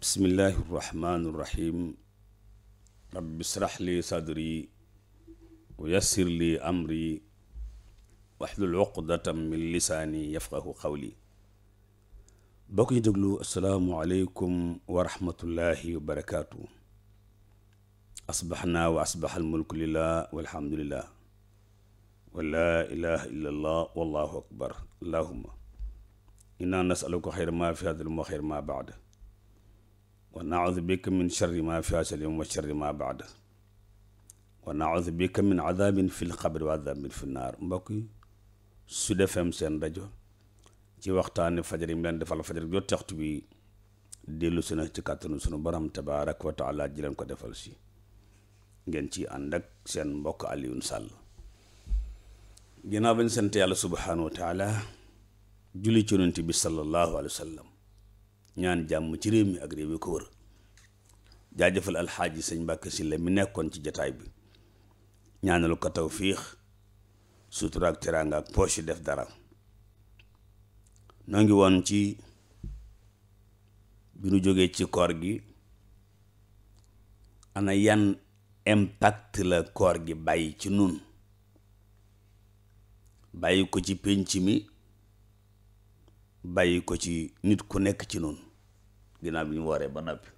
bismillahi irrahmani irrahim rabbi israh li sadri wa yassir li amri waxlul uqdatam min lisaani yafqahu qawli bokk ñu déglu asalaamualeykum wa rahmatullahi wa barakaatu asbaxnaa wa asbax almulku lillah walhamdulillah wa laa ilaha illa allah wallahu akbar allahuma inna nasaluka xayra ma fi hada l xayra ma baada wa naudu bika min sharri ma fi haazal yawm wa sharri ma baada wa naudu bika min adaabin fil qabri wa adaabin fin naar mbokk yi Sud FM seen rajo ci waxtaani fajar yi mu leen defal fajar jot bi dellu si na ci kàttanu sunu baram tabaaraka wa taala ko defal si ngeen ci ànd seen mbokk Alioune Sall ginnaaw bañ sant yàlla subhaanahu wa taala julli ci yonent bi sallallahu alayhi wa ñaan jàmm ci réew mi ak réew yi ko wër jaajëfal alxaaji sëñ Mbàkke Sylla mi nekkoon ci jataay bi ñaanal ko tawfiix sutura ak ak poche def dara noo ngi woon ci bi nu jógee ci koor gi ana yan impact la koor gi bàyyi ci nun bàyyi ko ci pénc mi bàyyi ko ci nit ku nekk ci nun ginnaaw bi ñu wooree ba noppi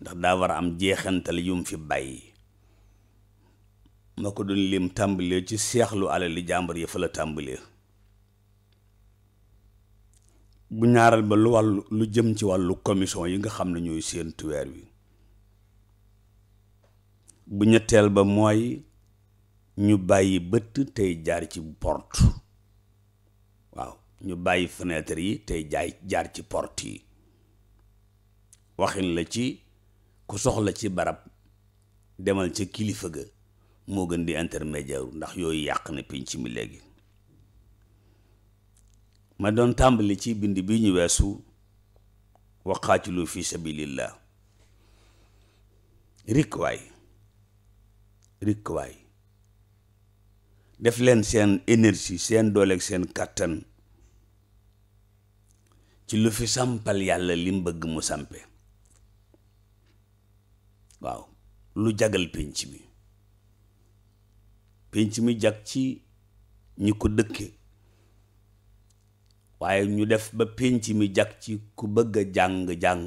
ndax daa war a am jeexantal yum fi bàyyi ma ko doon lim tàmbalee ci seexlu alal li jàmbar yi fa la tàmbalee bu ñaaral ba lu wàllu lu jëm ci wàllu commission yi nga xam ne ñuy seen tuweer wi bu ñetteel ba mooy ñu bàyyi bëtt tey jaar ci port ñu bàyyi fenêtre yi tey jaay jaar ci port yi waxin la ci ku soxla ci barab demal ca kilifa ga moo gën di intermédiaire ndax yooyu yàq na pinc mi léegi ma doon tàmbali ci bind bi ñu weesu waqaatilu fi sabilillah rikwaay rikwaay def leen seen énergie seen dooleeg seen kàttan ci lu fi sampal yàlla lim bëgg mu sampe waaw lu jagal pénc mi pénc mi jag ci ñi ko dëkke waaye ñu def ba pénc mi jag ci ku bëgg jàng-jàng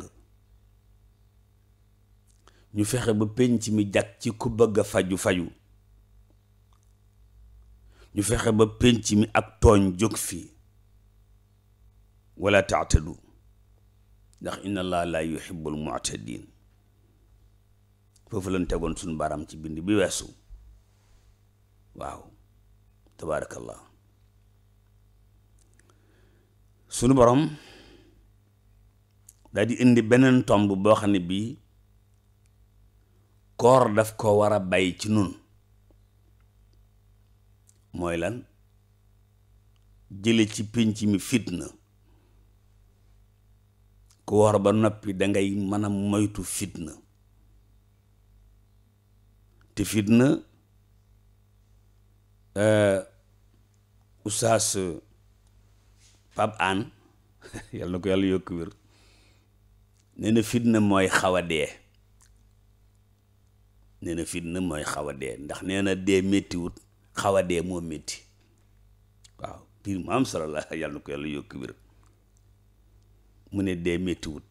ñu fexe ba pénc mi jag ci ku bëgg faju-faju ñu fexe ba pénc mi ak tooñ jóg fii wala taatadu ndax inna allah la yuhibbul mu'tadin foofu lañ tegoon suñ baram ci bind bi weesu waaw tabaarakallah sunu borom daal di indi beneen tomb boo xam ne bi koor daf ko war a bàyyi ci nun mooy lan jële ci pénc mi fitna ku woor ba noppi dangay mën a moytu fitna te fitna euh, oustaz Pape Hann yàlla na ko yàlla yokk wér nee fitna mooy xaw a dee nee fitna mooy xaw a dee ndax nee na dee méttiwut xaw a moo métti waaw piir maam sala la yàlla na ko yàlla yokk wér mu ne dee méttiwut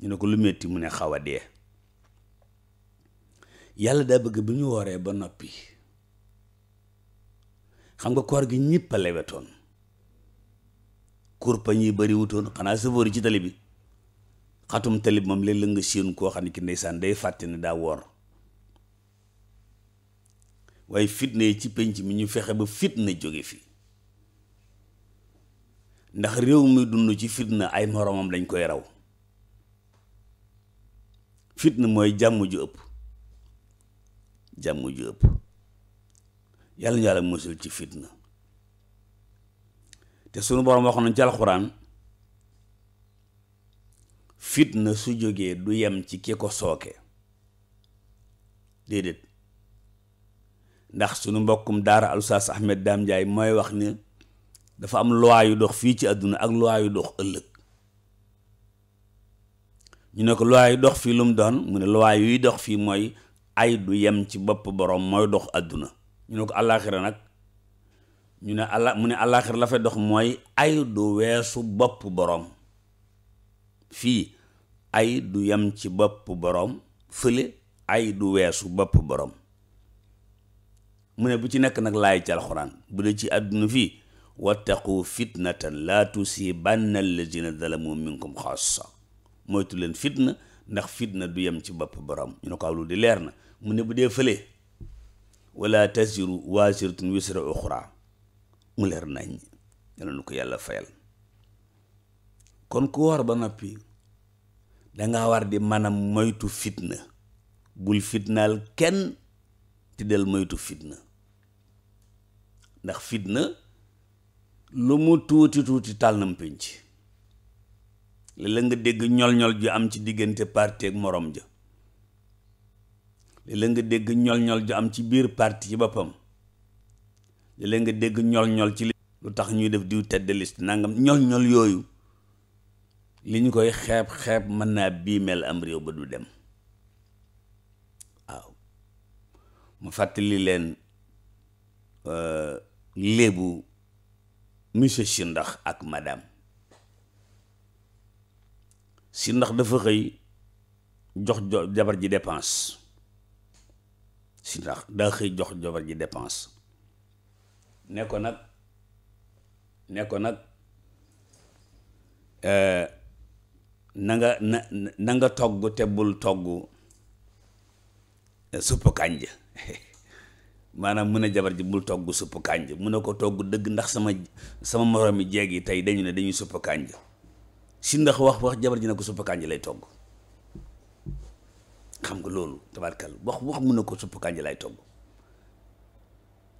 ñu ne ko lu métti mu ne xaw a dee yàlla daa bëgg bi ñu wooree ba noppi xam nga koor gi ñëpp a lewetoon kurpañ yi bari wutoon xanaa sëfoor yi ci tali bi xatum tali bi moom léeg la nga séen koo xam ne ki ndeysaan day fàtte ne daa woor waaye fitna yi ci penc mi ñu fexe ba fitna jóge fii ndax réew mi dund ci fitna ay moromam lañ koy raw fitna mooy jàmm ju ëpp jàmm ju ëpp yàlla ñu yàlla musul ci fitna te sunu borom wax nañ ci alxuraan fitna su jógee du yem ci ki ko sooke déedéet ndax sunu mbokkum daara Oustaz Ahmed Dame Ndiaye mooy wax ni dafa am loi dox fii ci àdduna ak loi yu dox ëllëg ñu ne ko loi dox fii lum mu doon mu ne loi yuy dox fii mooy ay du yem ci bopp borom mooy dox àdduna ñu ko àllaaxira nag ñu ne àlla la fay dox mooy ay du weesu bopp borom fii ay du yem ci bopp borom fële ay du weesu bopp borom mu ne bu ci nekk nag laay ci alxuraan bu dee ci àdduna fii wattaqu fitnatan laa tusibanna allazina zalamu minkum xaassa moytu leen fitna ndax fitna du yem ci bopp borom ñu ne ko awlu di leer na mu ne bu dee fëlee wala taziru waziratun wisra uxra mu leer nañ yal na ko yàlla fayal kon ku war ba noppi danga war di maanaam moytu fitna bul fitnaal kenn te del moytu fitna ndax fitna lu mu tuuti tuuti taal nam pénc léeg nga dégg ñol-ñol ju am ci diggante parti ak morom ja léeg-léeg nga dégg ñol-ñol ju am ci biir parti ci boppam léeg-léeg nga dégg ñol-ñol ci lu tax ñuy def diw tête de nangam ñol-ñol yooyu li ñu koy xeeb-xeeb mën naa bii mel am réew ba du dem waaw mu fàttali leen euh, léebu monsieur Sindax ak madame Sindax dafa xëy jox jabar ji dépense Sindax daa xëy jox jabar ji dépense ne nag ne nag euh, na nga na na nga togg te bul togg supp kànja maanaam mu ne jabar ji mu togg supp kànja mu ne ko togg dëgg ndax sama sama moromi jeeg yi tey dañu ne dañuy supp kànja si ndax wax wax jabar ji ne ko supp kànja lay togg xam nga loolu tabarkal wax wax mun ne ko supp kànja lay togg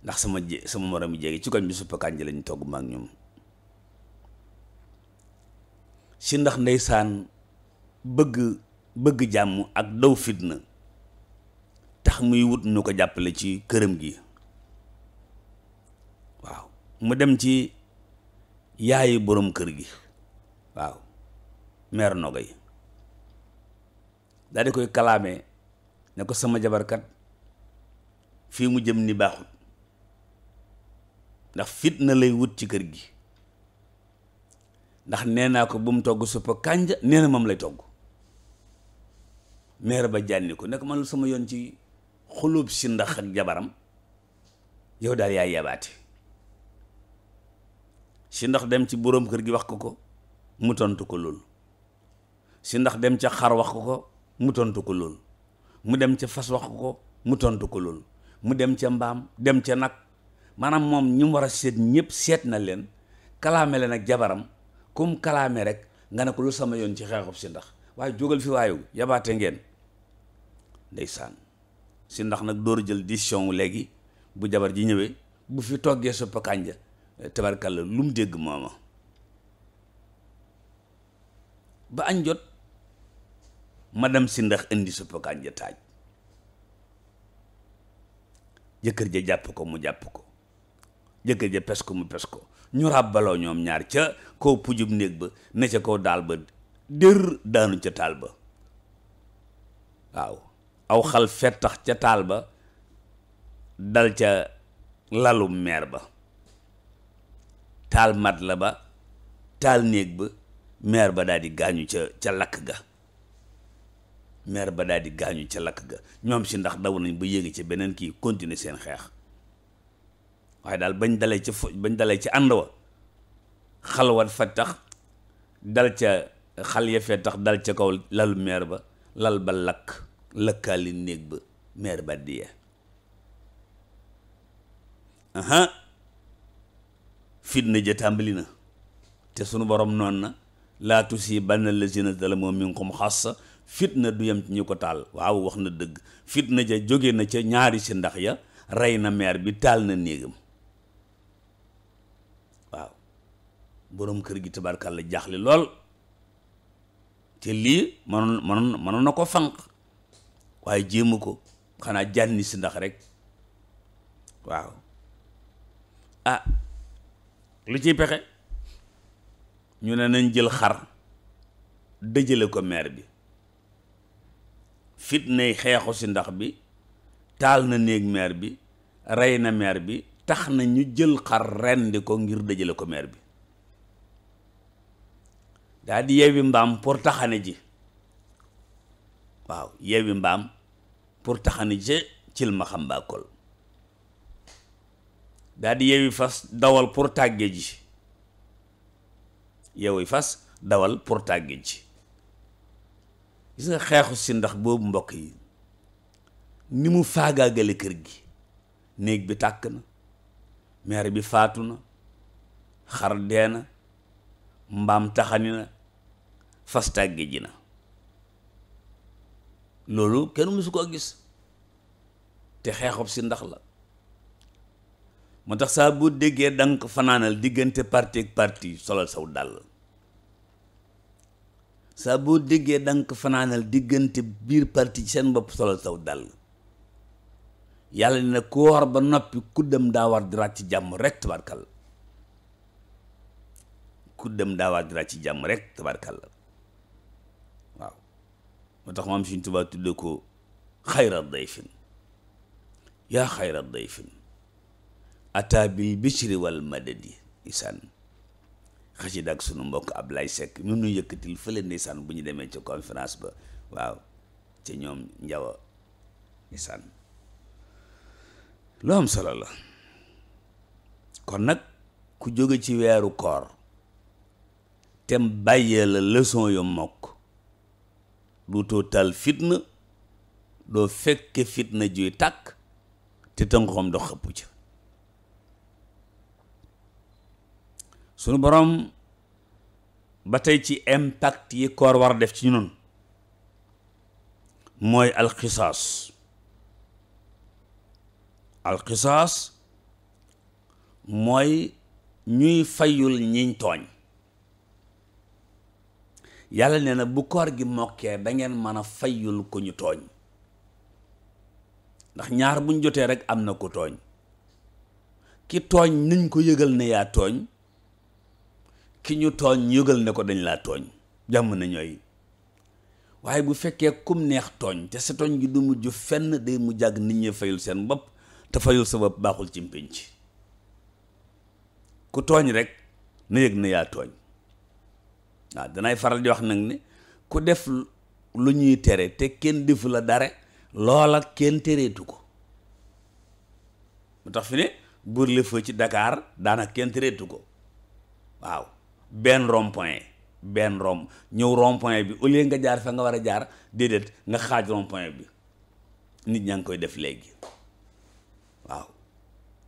ndax sama je sama moromi jeeg yi ci koñ bi supp kànja lañu togg maak ñoom si ndax ndeysaan bëgg bëgg jàmm ak daw fitna muy wut nu ko jàppale ci këram gi waaw mu dem ci yaayi boroom kër gi waaw meer nogo yi daal koy kalaame ne ko sama jabarkat fii mu jëm ni baaxut ndax fit na lay wut ci kër gi ndax nee naa ko bu mu togg suppa kànja nee na moom lay togg meer ba jànni ko nekk man sama yoon ci xulub si ndax ak jabaram yow daal yaa yabaate si ndax dem ci boroom kër gi wax ko ko mu tontu ko loolu si ndax dem ca xar wax ko ko mu tontu ko loolu mu dem ca fas wax ko ko ko loolu mu dem ca mbaam dem ca nag maanaam moom ñu mu war a seet ñëpp seet na leen kalaame leen ak jabaram kum kalaame rek nga ne ko lu sama yoon ci xeexub si ndax waaye jógal fi waayu yabaate ngeen ndeysaan si ndax nag door jël décision léegi bu jabar ji ñëwee bu fi toggee suppa kànja tabarkalla lu mu dégg mooma ba añ jot dem si ndax indi suppa ja taaj jëkkër ja jàpp ko mu jàpp ko jëkkër ja pes ko mu pes ko ñu ràbbaloo ñoom ñaar ca kaw pujub néeg ba ne ca kaw daal ba dër daanu ca taal ba waaw aw xal fettax ca taal ba dal ca lalum meer ba taal mat la ba taal néeg ba meer ba daal di gaañu ca ca lakk ga meer ba daal di gaañu ca lakk ga ñoom si ndax daw nañ ba yéegi ci beneen kii continuer seen xeex waaye daal bañ dalee ca fo bañ dalee ca ànd wa xalwat fa tax dal ca xal ya fee tax dal ca kaw lalu meer ba lal ba lakk lëkkaali néeg ba meer ba diya aha fitna ja tàmbali na te sunu boroom noon na laa tusiibanna llaziina zalamu minkum xaassa fitna du yem ci ñu ko taal waaw wax na dëgg fitna ja jóge na ca ñaari si ndax ya rey na meer bi taal na néegam waaw boroom kër gi tabarkàlla jaaxle lool te lii manoon manoon manoon na ko fanq waaye jéemu ko xanaa jànni si ndax rek waaw ah lu ciy pexe ñu ne nañ jël xar dëjale ko meer bi fitnay xeexu si ndax bi taal na néeg meer bi rey na meer bi tax na ñu jël xar rendi ko ngir dëjale ko meer bi daa di yewwi mbaam pour taxane ji waaw yewwi mbaam pour taxani ca Cilmaxambaakol daa di yewi fas dawal pour tàgge ji yewi fas dawal pour tàgge ji gis nga xeexu si ndax boobu mbokk yi ni mu faagaagale kër gi néeg bi tàkk na meer bi faatu na xar dee na mbaam taxani na fas tàgge ji na loolu kenn mësu koo gis te xeexob si ndax la moo tax saa bu déggee danga ko fanaanal diggante parti ak parti solal saw dàll saa boo déggee danga ko fanaanal diggante biir parti ci seen mbopp solal saw dàll yàlla ne ku woor ba noppi ku dem daa war di raat ci jàmm rek tabarkal ku dem daa di raat ci jàmm rek tabarkal la moo tax maam Sëriñ Tuubaa tudde ko xayra dayfin yaa xayra dayfin ataa bil bishri wal madadi isaan xasida ak sunu mbokk Ablaye Seck mi nu yëkkatil di ndeysaan bu ñu demee ca conférence ba waaw ca ñoom njawa isaan lu am solo la kon nag ku jóge ci weeru koor tem bàyyee la leçon yu mokk duutoo taal fitna doo fekke fitna juy tàkk te tënkoom do xëpp ca sunu borom ba tey ci impact yi koor war def ci ñun mooy alxisaas alxisaas mooy ñuy fayul ñiñ tooñ yàlla nee na bu koor gi mokkee da ngeen mën a fayul ko ñu tooñ ndax ñaar buñ jotee rek am na ku tooñ ki tooñ nañ ko yëgal ne yaa tooñ ki ñu tooñ yëgal ne ko dañ laa tooñ jàmm na ñooy waaye bu fekkee kum neex tooñ te sa tooñ gi du mujj fenn day mu jàgg nit ñi fayul seen bopp te fayul sa bopp baaxul ci mpénc ku tooñ rek na yëg na yaa tooñ waaw danay faral di wax nag ni ku def lu ñuy tere te kenn defu la dara loola kenn tereetu ko mu tax fi ne buur feu ci dakaar daanaka kenn tereetu ko waaw benn rond benn rond ñëw rond bi au lieu nga jaar fa nga war a jaar déedéet nga xaaj rond bi nit ñaa ngi koy def léegi waaw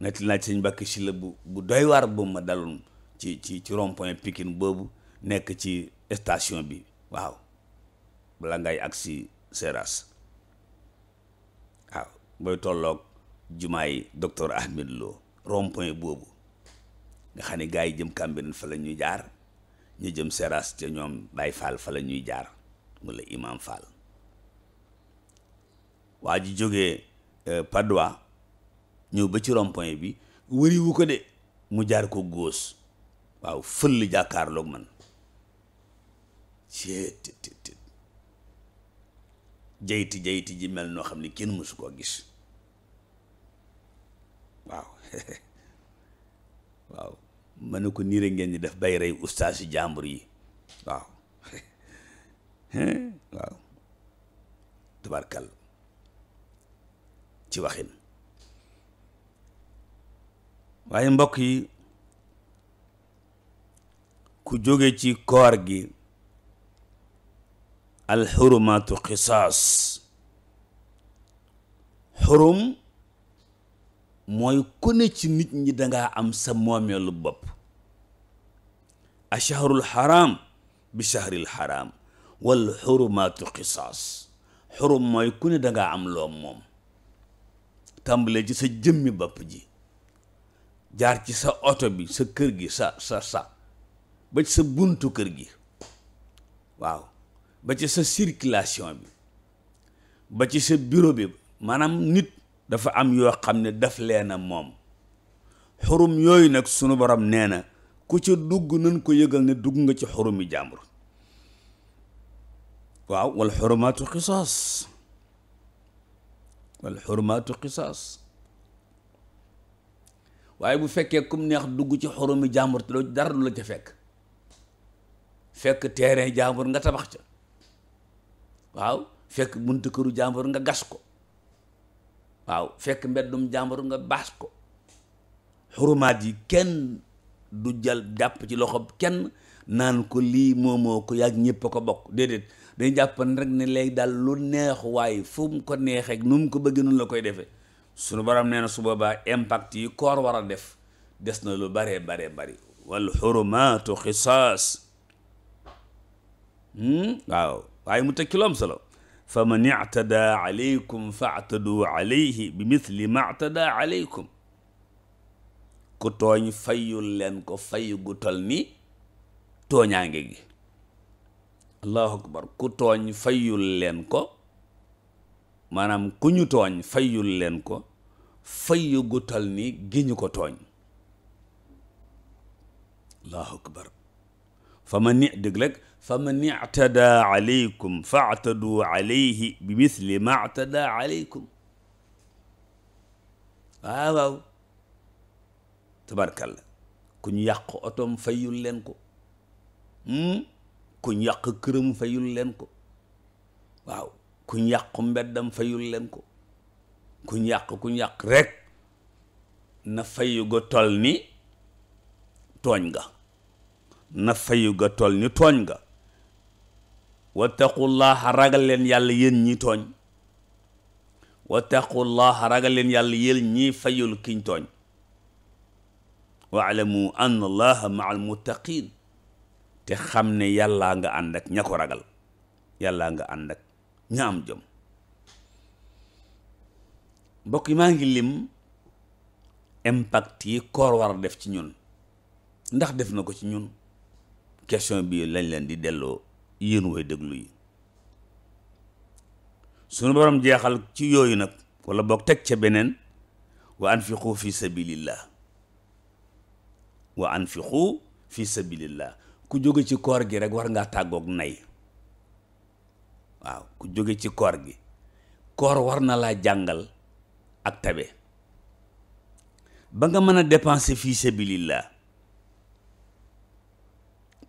nett naa ci sëñ bakk si la bu bu doy waar bu ma daloon ci ci ci rompoint point boobu nekk ci station bi waaw bala ngay si Seras waaw booy tolloog jumaay docteur Ahmed Lo rond boobu nga xam ne gars yi jëm Cambérène fa la ñuy jaar ñu jëm Seras ca ñoom Baye Fall fa la ñuy jaar wala Imam Fall waa ji jógee euh, Padois ñëw ba ci rond bi wëriwu ko de mu jaar ko góos waaw fël jàkkaarloog man cettt jayti ji mel noo xam ne kenn mësu koo gis waaw mën na ko niire ngeen di def bay rey ustaas si jàmbur yi waaw waaw tabarkal ci waxin waaye mbokk yi ku jóge ci koor gi alxurumaatu xisaas xurum mooy ku ne ci nit ñi danga am sa moomeelu bopp a shahrul xaraam bi shahril xaraam wal xurumaatu xisaas xurum mooy ku ne dangaa am loo moom tàmbalee ci sa jëmmi bopp ji jaar ci sa oto bi sa kër gi sa sa sa ba ci sa buntu kër gi waaw ba ci sa circulation bi ba ci sa bureau bi maanaam nit dafa am yoo xam ne def daf leena moom xurum yooyu nag sunu borom nee na ku ci dugg nañ ko yëgal ne dugg nga ci xurumi jàmbur waaw wal xurumaatu xisaas wal waaye bu fekkee kum neex dugg ci xoroomi jàmbur te doo dara du la ca fekk fekk terrain jàmbur nga tabax ca waaw fekk buntu këru jàmbur nga gas ko waaw fekk mbeddum jàmbur nga baas ko xurumaat yi kenn du jal jàpp ci loxo kenn naan ko lii moomoo ko yàgg ñëpp a ko bokk déedéet dañ jàppan rek ni léegi daal lu neexu waaye fu mu ko neexeek nu mu ko bëgg noonu la koy defee suñu borom nee na su boobaa impact yi koor war a def des na lu baree baree bari wal xurumaatu xisaas hmm? waaw waaye mu te ci lu solo fa man ictadaa alaykum faataduu alayhi bi mithli ma ctadaa alaykum ku tooñ fayul leen ko fayu gu tol ni tooñaange gi allahu akbar ku tooñ fayul leen ko maanaam ku ñu tooñ fayul leen ko fayu gu tol ni gi ñu ko tooñ allahu akbar fa ma ni dëgg rek fa man ictadaa alaykum factaduu alayhi bi misli ma ctadaa alaykum waaw waaw tabarkalla ku ñu yàq otoom fayul leen ko hmm? ku ñu yàq këram fayul leen ko waaw ku ñu yàq mbeddam fayul leen ko ku ñu yàq ku ñu yàq rek na fayu ga tol ni tooñ na fayu ga tol ni tooñ nga wattaqullaha ragal leen yàlla yéen ñi tooñ wattaqullaha ragal leen yàlla yéen ñi fayul kiñ tooñ waalamu anna allaha maa almuttaqin te xam ne yàllaa nga ànd ña ko ragal yàllaa nga ànd ak ña am jom mbokk maa ngi lim impact yi koor war def ci ñun ndax def na ko ci ñun question bi lañ leen di delloo yéen way déglu yi sunu borom jeexal ci yooyu nag wala boog teg ca beneen wa anfiqu fi sabilillah wa anfiqu fi sabilillah ku jóge ci koor gi rek war ngaa tàggoog nay waaw ku jóge ci koor gi koor war na laa jàngal ak tabe ba nga mën a dépenser fii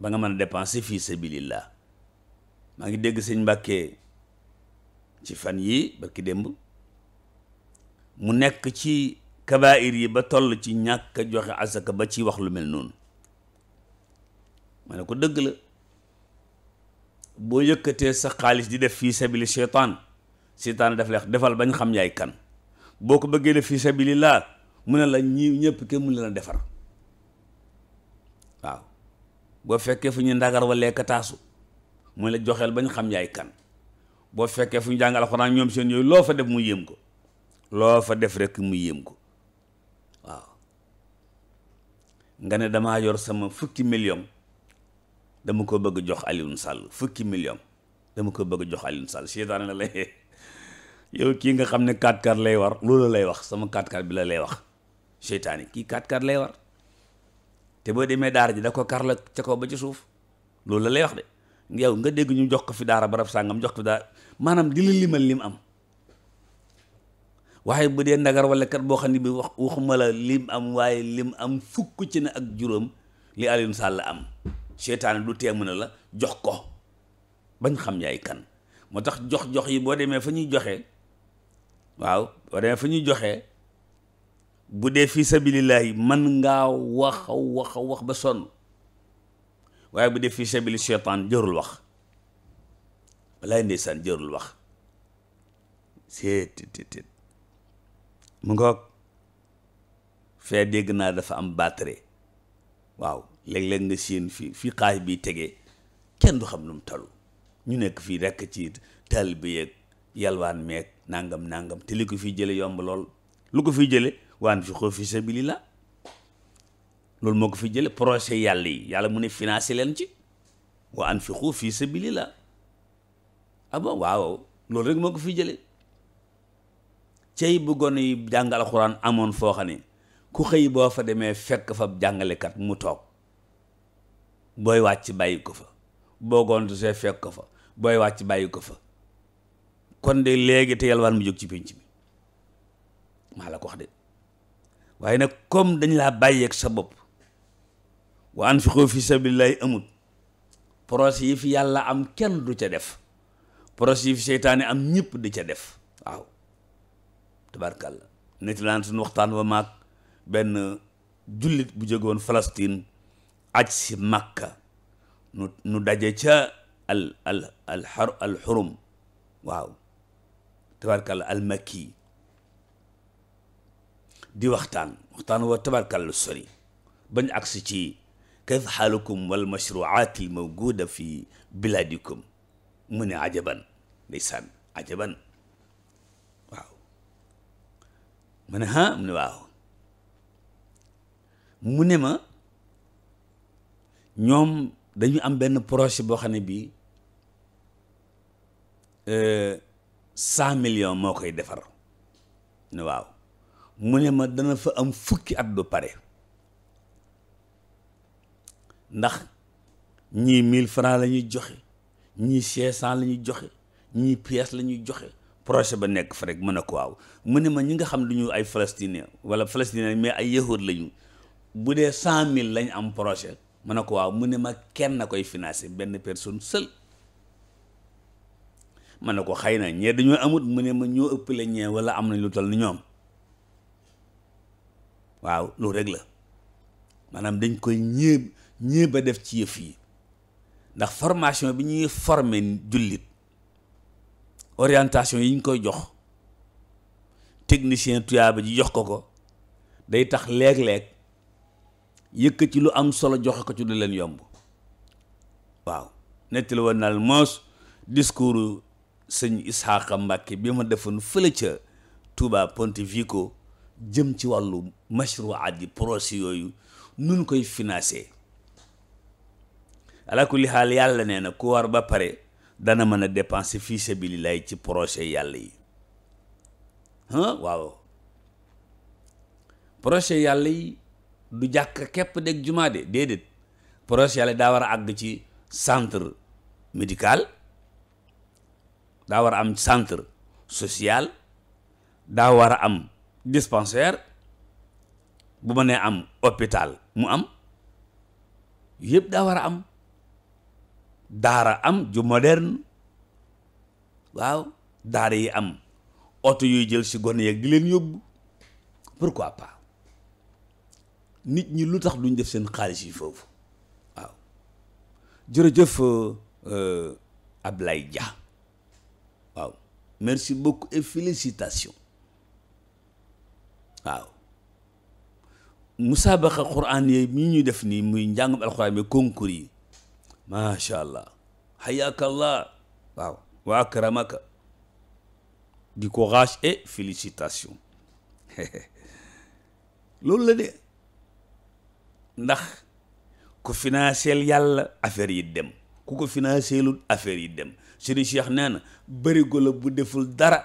ba nga mën a dépenser sabilillah maa ngi dégg sëñ Mbàkke ci fan yi barki démb mu nekk ci kabaayir yi ba toll ci ñàkk a joxe asaka ba ci wax lu mel noonu ma ne ko dëgg la boo yëkkatee sa xaalis di def fii sabili seytaan seytaan daf leex defal bañ xam yaay kan boo ko bëggee def fii laa mu ne la ñii ñëpp kenn mu leen a defar waaw boo fekkee fu ñu ndagar wala ka taasu mu la joxeel ñu xam yaay kan boo fekkee fu ñu jàngal alxuraan ñoom seen yooyu loo fa def mu yéem ko loo fa def rek mu yéem ko waaw nga ne damaa yor sama fukki million dama ko bëgg jox Alioune Sall fukki million dama ko bëgg jox Alioune Sall seytaane la lay yow kii nga xam ne 4 lay war loolu lay wax sama 4 bi la lay wax seytaane kii 4 lay war te boo demee daara ji da ko kar la ca ba ci suuf loolu la lay wax de yow nga dégg ñu jox ko fi daara barab sàngam jox ko fi daara maanaam di la limal lim am waaye bu dee ndagar wala kat boo xam ne bi wax waxuma la lim am waaye lim am fukk ci na ak juróom li Alioune Sall am seytaane du teemu na la jox ko bañ xam yaay kan moo tax jox-jox yi boo demee fa ñuy joxe waaw boo demee fa ñuy joxe bu dee fii sabilillahi mën ngaa wax wax wax ba sonn waaye bu def fi sabili seytaan jërul wax walaay ndeysaan jërul wax seet tit mu ngoog fee dégg naa dafa am batterie waaw léeg-léeg nga siin fi fi xaaj bi tegee kenn du xam lu mu talu ñu nekk fii rekk ci tal bi yeeg yalwaan meeg nangam nangam te li ko fiy jële yomb lool lu ko fiy jële waan fi xoo fi sabili la loolu moo ko fi jële projet yàlla yi yàlla mu ne financé leen ci wa anfiqu fi sabilillah ah bon waaw loolu rek moo ko fi jële cey bu gone yi jàngale alxuraan amoon foo xam ne ku xëy boo fa demee fekk fa jàngalekat mu toog booy wàcc bàyyi ko fa boo gontu see fekk ko fa booy wàcc bàyyi ko fa kon de léegi te yalwaan mu jóg ci pénc bi maa la ko wax de waaye nag comme dañ laa bàyyeeg sa bopp wa anfiqu fi sabilillahi amut projet yi fi yàlla am kenn du ca def poros yi fi seytaane am ñëpp di ca def waaw tabarkàlla nit laan waxtaan wa maag benn jullit bu jegoon Palestine aj si Makka nu daje ca al al al xar waaw tabarkàlla al makki di waxtaan waxtaan wa tabarkàlla sori bañ agsi ci kadxalukum wal mashruaat al mawjuda fi biladikum mu ne ajaban ndeysaan ajaban waaw mu ne ha mu ne ma ñoom dañu am benn proche boo xam ne bii euh, cent millions moo koy defar ne waaw mu ne ma dana fa am fukki at du pare ndax ñii mille francs la ñuy joxe ñii cinq cent la ñuy joxe ñii pièce la ñuy joxe projet ba nekk fa rek mën a ko waaw mu ne ma ñi nga xam du ñu ay palestinien wala palestinien mais ay yahud la ñu bu dee cent mille lañ am projet mën a ko waaw mu ne ma kenn a koy financé benn personne seul mën ne ko xëy na ñee dañoo amut mu ne ma ñoo ëppale ñee wala am nañ lu toll ni ñoom waaw loolu rek la maanaam dañ koy ñéeb ñii ba def ci yëf yi ndax formation bi ñuy forme jullit orientation yi ñu koy jox technicien tuyaaba ji jox ko ko day tax leeg leeg yëkk ci lu am solo joxe ko ci du leen yomb waaw nettali woon naa moos discours sëñ Isxaaqa Mbàkke bi ma defoon fële ca vie ko jëm ci wàllu mashruwaat yi projet yooyu nun koy financé ala kulli xaal yàlla nee na ku war ba pare dana mën a dépenser fii sabilillahi ci projet yàlla yi hum waaw projet yàlla yi du jàkk képp deg jumaa de déedéet projet yàlla daa war a àgg ci centre médical daa war a am centre social daa war a am dispensaire bu ma nee am hôpital mu am yëpp daa war a am daara am ju moderne waaw daara yi am oto yuy jël si gone yeeg di leen yóbbu pourquoi pas nit ñi lu tax luñ def seen xaalis yi foofu waaw jërëjëf euh, euh, Ablaye Dia waaw merci beaucoup et félicitations waaw musaabaqa quraan yi mi ñuy def nii muy njàngum alxuraan bi concours yi macha allah hayaka allah waaw wa akramaka du courage et félicitations loolu la de ndax ku financeel yàlla affaire yi dem ku ko financeelul affaire yi dem Serigne Cheikh nee bari bërigo la bu deful dara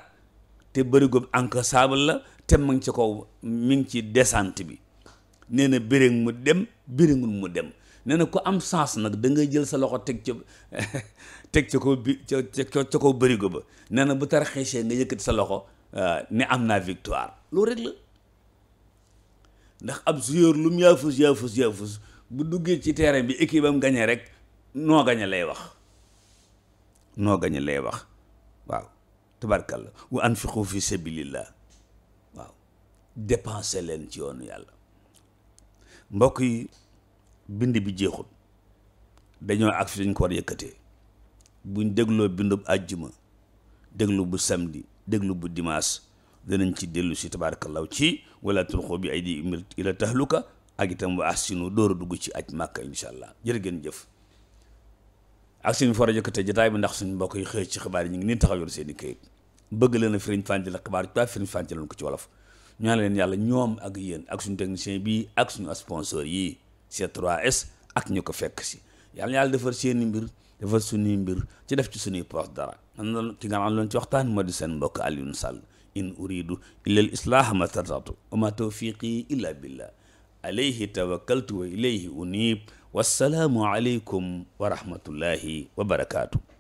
te bërigo bi encaissable la te mu ngi ci kaw mi ngi ci descente bi nee na bëriŋ mu dem bëriŋul mu dem nee na ku am sens nag dangay jël sa loxo teg ci teg ca kaw bi ca ca ca kaw bërigo ba nee na bu tarxiisee nga yëkkati sa loxo euh, ne am naa victoire loolu rek la ndax ab joueur lu mu yaafus yaafus bu duggee ci terrain bi équipe am gañe rek noo gañe lay wax noo gañe lay wax waaw tabarkalla wa anfiqu fi sabilillah waaw dépenser leen ci yoonu yàlla mbokk yi bind bi jeexul dañoo ak fi dañ ko war yëkkatee buñ dégloo bindub àjjuma déglu bu samedi déglu bu dimanche danañ ci dellu si tabaarakallaah ci wala tulxu bi aydiikum ilaa tahluka ak itam wa ahsinu door a dugg ci aj màkka insha allah jërë ngeen jëf ak suñu for a yëkkatee jotaay bi ndax suñu mbokk yi xëy ci xibaar yi ñu ngi nii taxaw yor seen i këyit bëgg leen a firiñ fànc la xibaar tubaab firiñ fànc leen ko ci wolof ñaan leen yàlla ñoom ak yéen ak suñu technicien bi ak suñu sponsor yi C3S ak ñu ko fekk si yàlla yàlla defar seeni mbir defar suñuy mbir ci def ci suñuy poos dara nan la ci loon ci waxtaan moo di seen mbokk Alioune sal in uridu illa al islaaha ma tatatu wa ma tawfiqi illa billah alayhi tawakkaltu wa ilayhi unib wassalaamu aleykum wa rahmatullahi wa barakaatu